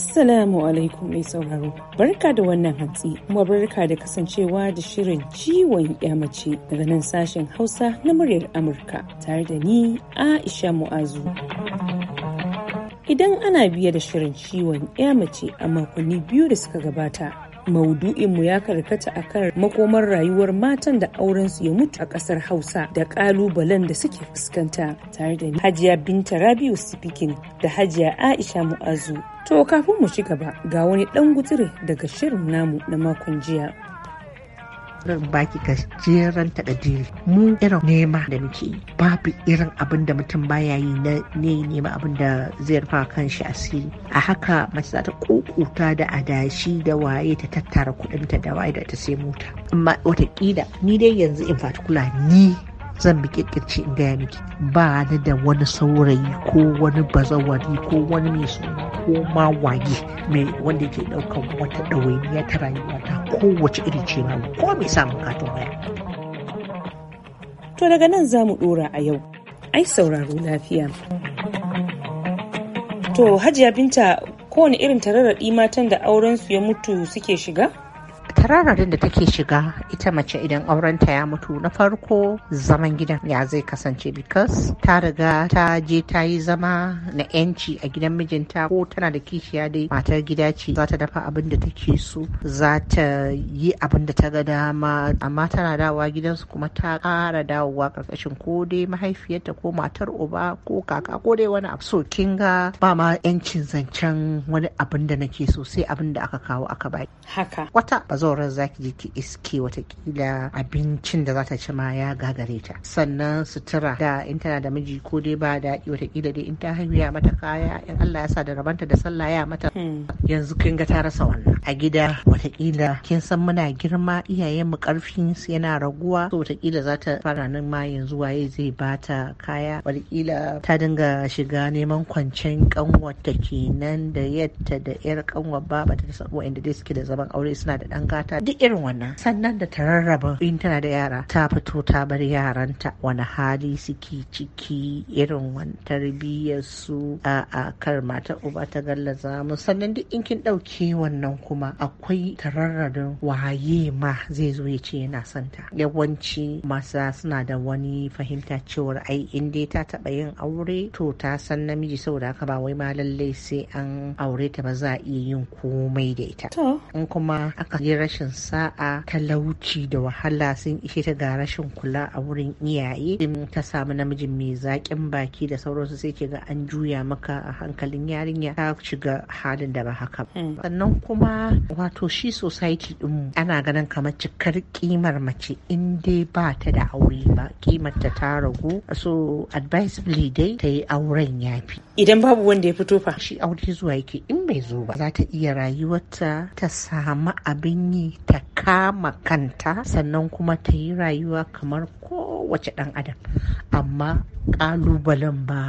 Assalamu alaikum mai sauraro. Barka da wannan hantsi kuma barka da kasancewa da shirin ciwon mace daga nan sashen Hausa na muryar Amurka tare da ni Aisha Mu'azu. Idan ana biye da shirin ciwon mace a makonni biyu da suka gabata, maudu'inmu ya karkata akan makomar rayuwar matan da aurensu ya mutu a kasar Hausa da kalubalen da suke fuskanta tare da Hajiya Binta Rabiu speaking da Hajiya Aisha Mu'azu. To kafin mu ci gaba ga wani dan gutsire daga shirin namu na makon jiya. zan baki gajeren takadiri mu irin nema da muke yi. babu irin abin da mutum baya yi na ne nema abin da zai rufa kan shi asiri a haka mace za ta kokuta da adashi da waye ta tattara kuɗinta da waye da ta sai mota amma watakila ni dai yanzu in fatikula ni zan bi kirkirce in gaya miki ba ni da wani saurayi ko wani bazawari ko wani mai suna ko ma waye mai wanda ke ɗaukan wata ɗawainiya ta rayuwa ta kowace iri ce ma ko mai samun katon waya. To daga nan za mu ɗora a yau. Ai sauraro lafiya. To Hajiya Binta kowane irin tararraɗi matan da aurensu ya mutu suke shiga? Hararadin da take shiga ita mace idan aurenta ya mutu na farko zaman gidan ya zai kasance because ta riga ta je ta yi zama na 'yanci a gidan mijinta ko tana da kishiya dai matar gida ce za ta dafa abin da take so za ta yi abin da ta ga dama amma tana dawowa gidansu kuma ta kara dawowa karkashin ko dai mahaifiyarta ko matar uba ko kaka ko dai wani abu so kin ga ba ma 'yancin zancen wani abin da nake so sai abin da aka kawo aka bai. haka wata bazawar auren zaki je ki iske watakila abincin da zata ci ma ya gagare ta sannan sutura da in tana da miji ko dai ba da daɗi watakila dai in ta haihu ya mata kaya in Allah ya sa da rabanta da sallah ya mata hmm. yanzu kin ga ta rasa wannan a gida watakila kin san muna girma iyayen mu karfin su yana raguwa to watakila za ta fara nan ma yanzu waye zai bata kaya watakila ta dinga shiga neman kwancen kanwata kenan da yadda da yar kanwa ba ta inda dai suke da zaman aure suna da ɗan ta duk irin wannan sannan da ta rarraba in tana da yara ta fito ta bar yaranta wani hali suke ciki irin wani tarbiyyar su a a kar mata uba ta gallaza mu sannan duk in kin ɗauke wannan kuma akwai tararrabin waye ma zai zo ya ce yana son ta yawanci masa suna da wani fahimta cewar ai in dai ta taba yin aure to ta san namiji saboda haka ba wai ma lallai sai an aure ta ba za a iya yin komai da ita in kuma aka yi rashin sa'a talauci da wahala sun ishe ta ga rashin kula a wurin iyaye in ta samu namiji mai zaƙin baki da sauransu sai ke ga an juya maka a hankalin yarinya ta shiga halin da ba haka mm. sannan kuma wato shi society din ana ganin kamar cikar kimar mace in dai ba ta da aure ba kimar ta ta ragu so advisably dai ta yi auren yafi idan babu wanda ya fito fa shi aure zuwa yake in bai zo ba za ta iya rayuwarta ta samu abin yi ta kama kanta sannan kuma ta yi rayuwa kamar kowace ɗan adam amma ƙalubalen ba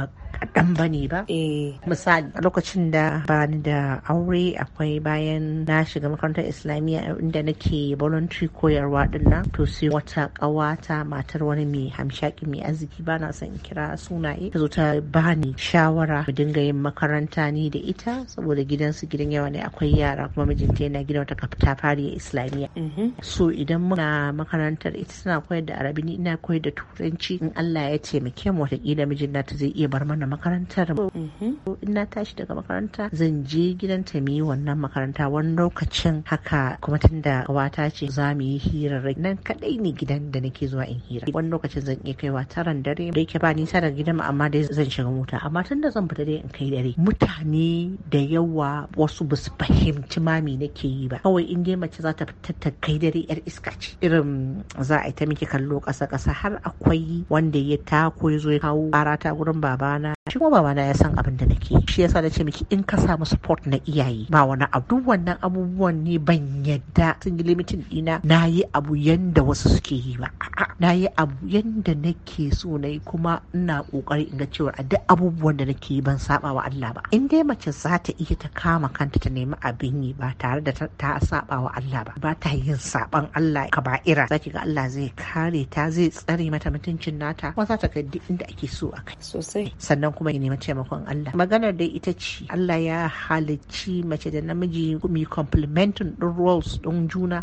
kaɗan ba ne eh. ba misali lokacin da ba ni da aure akwai bayan na shiga makarantar islamiyya inda nake voluntary koyarwa din nan to sai wata ƙawata matar wani mai hamshaki mai arziki ba na son kira sunaye ta zo ta bani shawara mu dinga yin makaranta ni da ita saboda gidansu gidan yawa ne akwai yara kuma mijinta yana gidan wata ta fariya islamiyya mm-hmm. so idan muna makarantar ita tana koyar da arabi ni ina koyar da turanci in Allah ya taimake mu watakila mijin ta zai iya bar mana makarantar mm-hmm. in na tashi daga makaranta zan je gidan ta yi wannan makaranta wani lokacin haka kuma tun da kawata ce za mu yi rai. nan kadai ne gidan da nake zuwa in hira wani lokacin zan iya kaiwa taran dare da yake ba ni da gidan amma dai zan shiga mota amma tun da zan fita dai in kai dare mutane da yawa wasu ba su fahimci ma me nake yi ba kawai in dai mace za ta fita ta kai dare yar iska ce irin za a yi ta miki kallo kasa kasa har akwai wanda ya tako ya zo ya kawo ƙara ta gurin babana shi kuma babana ya san abin da nake shi yasa na ce miki in ka samu support na iyaye ba wani abu Duk wannan abubuwan ne ban yadda sun yi limitin dina na yi abu yanda wasu suke yi ba a'a na yi abu yanda nake so na yi kuma ina kokari in ga cewa a duk abubuwan da nake yi ban saba wa Allah ba in dai mace za ta iya ta kama kanta ta nemi abin yi ba tare da ta saba wa Allah ba ba ta yin saban Allah ka ba ira zaki ga Allah zai kare ta zai tsare mata mutuncin nata kuma za ta kai duk inda ake so a kai sosai sannan kuma ya nemi taimakon Allah maganar dai ita ce Allah ya halicci mace da namiji mi complimentin ɗin roles ɗin juna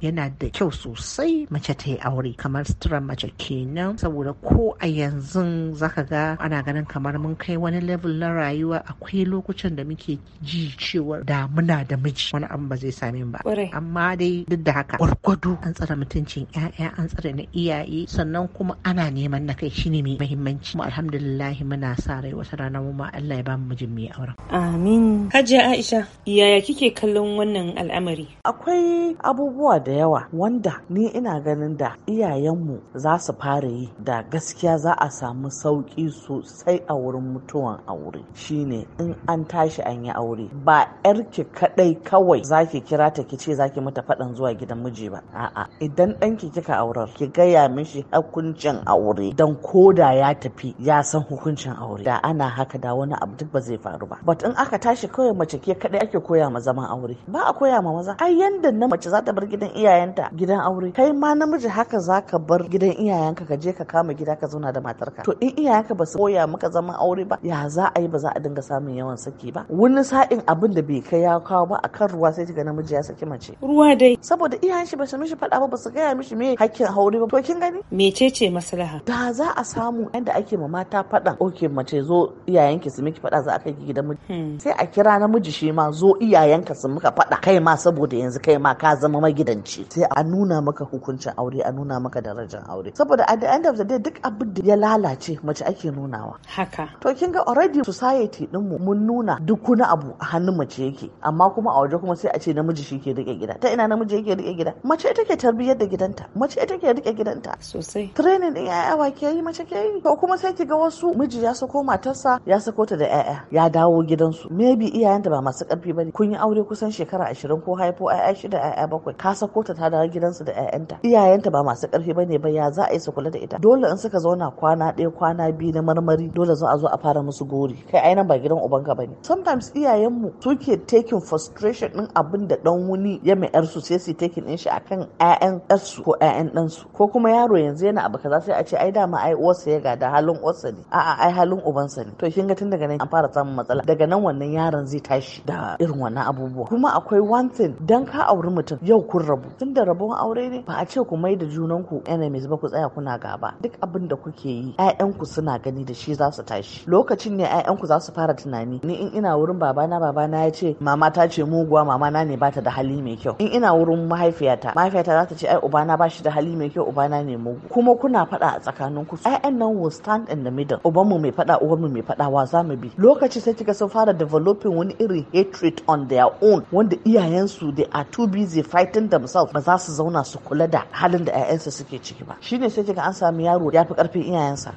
yana da kyau sosai mace ta yi aure kamar sutura mace kenan saboda ko a yanzu zaka ga ana ganin kamar mun kai wani level na rayuwa akwai lokacin da muke ji cewa da muna da miji wani abu ba zai sami ba amma dai duk da haka gwargwado an tsare mutuncin 'ya'ya an tsare na iyaye sannan kuma ana neman na kai shine mai muhimmanci alhamdulillah muna sa sa rai wata rana mu ma Allah ya ba mu mijin auren. Amin. Hajiya Aisha, yaya kike kallon wannan al'amari? Akwai abubuwa da yawa wanda ni ina ganin da iyayenmu za su fara yi da gaskiya za a samu sauƙi sosai a wurin mutuwan aure. Shine in an tashi an yi aure ba 'yarki kaɗai kawai zaki kira ta ki ce za ki mata faɗan zuwa gidan miji ba. A'a idan ɗanki kika aurar ki gaya mishi hukuncin aure don koda ya tafi ya san hukuncin aure. da ana haka da wani abu duk ba zai faru ba but in aka tashi kawai mace ke kadai ake koya ma zaman aure ba a koya ma maza ai yanda na mace za ta bar gidan iyayenta gidan aure kai ma namiji haka za ka bar gidan iyayenka ka je ka kama gida ka zauna da matarka to in iyayenka ba su koya maka zaman aure ba ya za a yi ba za a dinga samun yawan saki ba wani sa'in abin da bai kai ya kawo ba akan ruwa sai ga namiji ya saki mace ruwa dai saboda iyayen shi ba su mishi faɗa ba ba su gaya mishi me hakkin aure ba to kin gani mecece maslaha da za a samu yanda ake ma mata faɗa oke mace ce zo iyayenki su miki faɗa za a kai gidan miji hmm. sai a kira namiji shi ma zo iyayenka su muka faɗa kai ma saboda yanzu kai ma ka zama magidanci sai a nuna maka hukuncin aure a nuna maka darajar aure saboda at the end of the day duk abin da ya lalace mace ake nunawa haka to kin ga already society din mu mun nuna duk wani abu a hannun mace yake amma kuma a waje kuma sai a ce namiji shi ke rike gida ta ina namiji yake rike gida mace ita ke tarbiyyar da gidanta mace ita ke rike gidanta sosai training din yaya ke yi mace ke yi ko kuma sai ki ga wasu miji ya sako matarsa ya sako ta da 'ya'ya ya dawo gidansu maybe iyayenta ba masu karfi bane kun yi aure kusan shekara ashirin ko haifo 'ya'ya shida 'ya'ya bakwai ka sako ta ta dawo gidansu da 'ya'yanta iyayenta ba masu karfi bane ba ya za a yi su kula da ita dole in suka zauna kwana ɗaya kwana biyu na marmari dole za a zo a fara musu gori kai ai ba gidan ubanka bane sometimes iyayenmu suke taking frustration din abin da dan wuni ya mai yarsu sai su taking din shi akan 'ya'yan yarsu ko 'ya'yan su ko kuma yaro yanzu yana abu kaza sai a ce ai dama ai uwarsa ya gada halin uwarsa ne a'a ai halin ubansa ne to kin ga tun daga nan an fara samun matsala daga nan wannan yaron zai tashi da irin wannan abubuwa kuma akwai one thing dan ka auri mutum yau kun rabu tun da rabon aure ne ba a ce ku mai da junan ku enemies ba ku tsaya kuna gaba duk abin da kuke yi ƴaƴan ku suna gani da shi za su tashi lokacin ne ƴaƴan ku za su fara tunani ni in ina wurin babana babana ya ce mama ta ce muguwa mama na ne bata da hali mai kyau in ina wurin mahaifiyata mahaifiyata za ta ce ai ubana ba shi da hali mai kyau ubana ne mugu kuma kuna faɗa a tsakaninku ƴaƴan nan will stand in the middle ubanmu mai faɗa faɗa uwarmu mai faɗawa za mu bi lokaci sai kika sun fara developing wani irin hatred on their own wanda iyayensu they are too busy fighting themselves ba za su zauna su kula da halin da ya'yansa suke ciki ba shine sai kika an sami yaro ya fi karfin iyayensa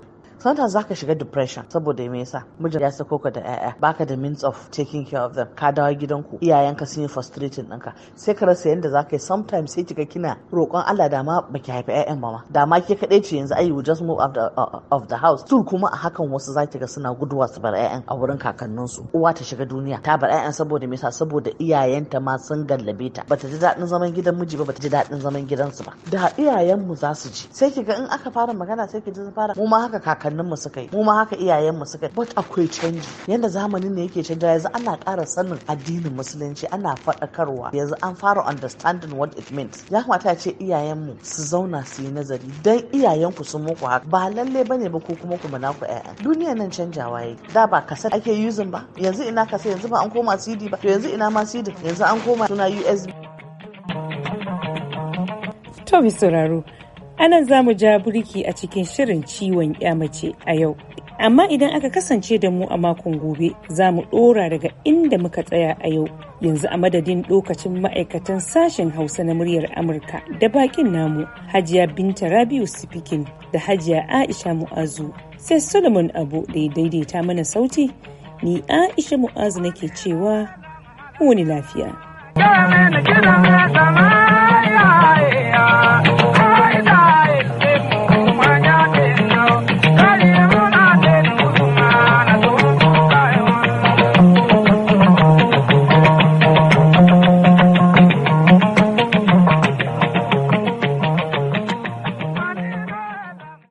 sometimes zaka shiga depression saboda me yasa mijin ya sako ka da yaya baka da means of taking care of them ka dawo gidanku iyayenka sun yi frustrating ɗinka sai ka rasa yanda zaka yi sometimes sai kika kina roƙon Allah da ma baki haifi ƴaƴan ba ma da ma ke kaɗai ce yanzu ayi just move out uh, of the house still kuma a hakan wasu zaki ga suna guduwa su bar yayan a wurin kakanninsu uwa ta shiga duniya ta bar ƴaƴan saboda me yasa saboda iyayenta ma sun gallabe ta bata ji daɗin zaman gidan miji ba bata ji daɗin zaman gidansu ba da iyayenmu za su ji sai kiga in aka fara magana sai ki fara mu ma haka kakanni kakanninmu suka yi mu ma haka iyayenmu suka yi but akwai canji yanda zamanin ne yake canja yanzu ana kara sanin addinin musulunci ana faɗakarwa yanzu an fara understanding what it means ya kamata ce iyayenmu su zauna su yi nazari dan iyayenku sun muku haka ba lalle bane ba ko kuma ku mana ku duniya nan canjawa yi da ba kasa ake using ba yanzu ina kasa yanzu ba an koma CD ba to yanzu ina ma CD yanzu an koma suna USB To sauraro anan za mu ja burki a cikin shirin ciwon mace a yau amma idan aka kasance da mu a makon gobe za mu ɗora daga inda muka tsaya a yau yanzu a madadin lokacin ma'aikatan sashen hausa na muryar amurka da bakin namu hajiya binta rabiu sifikin da hajiya aisha mu'azu sai solomon abu da ya daidaita mana sauti ni aisha mu'azu nake cewa wani lafiya.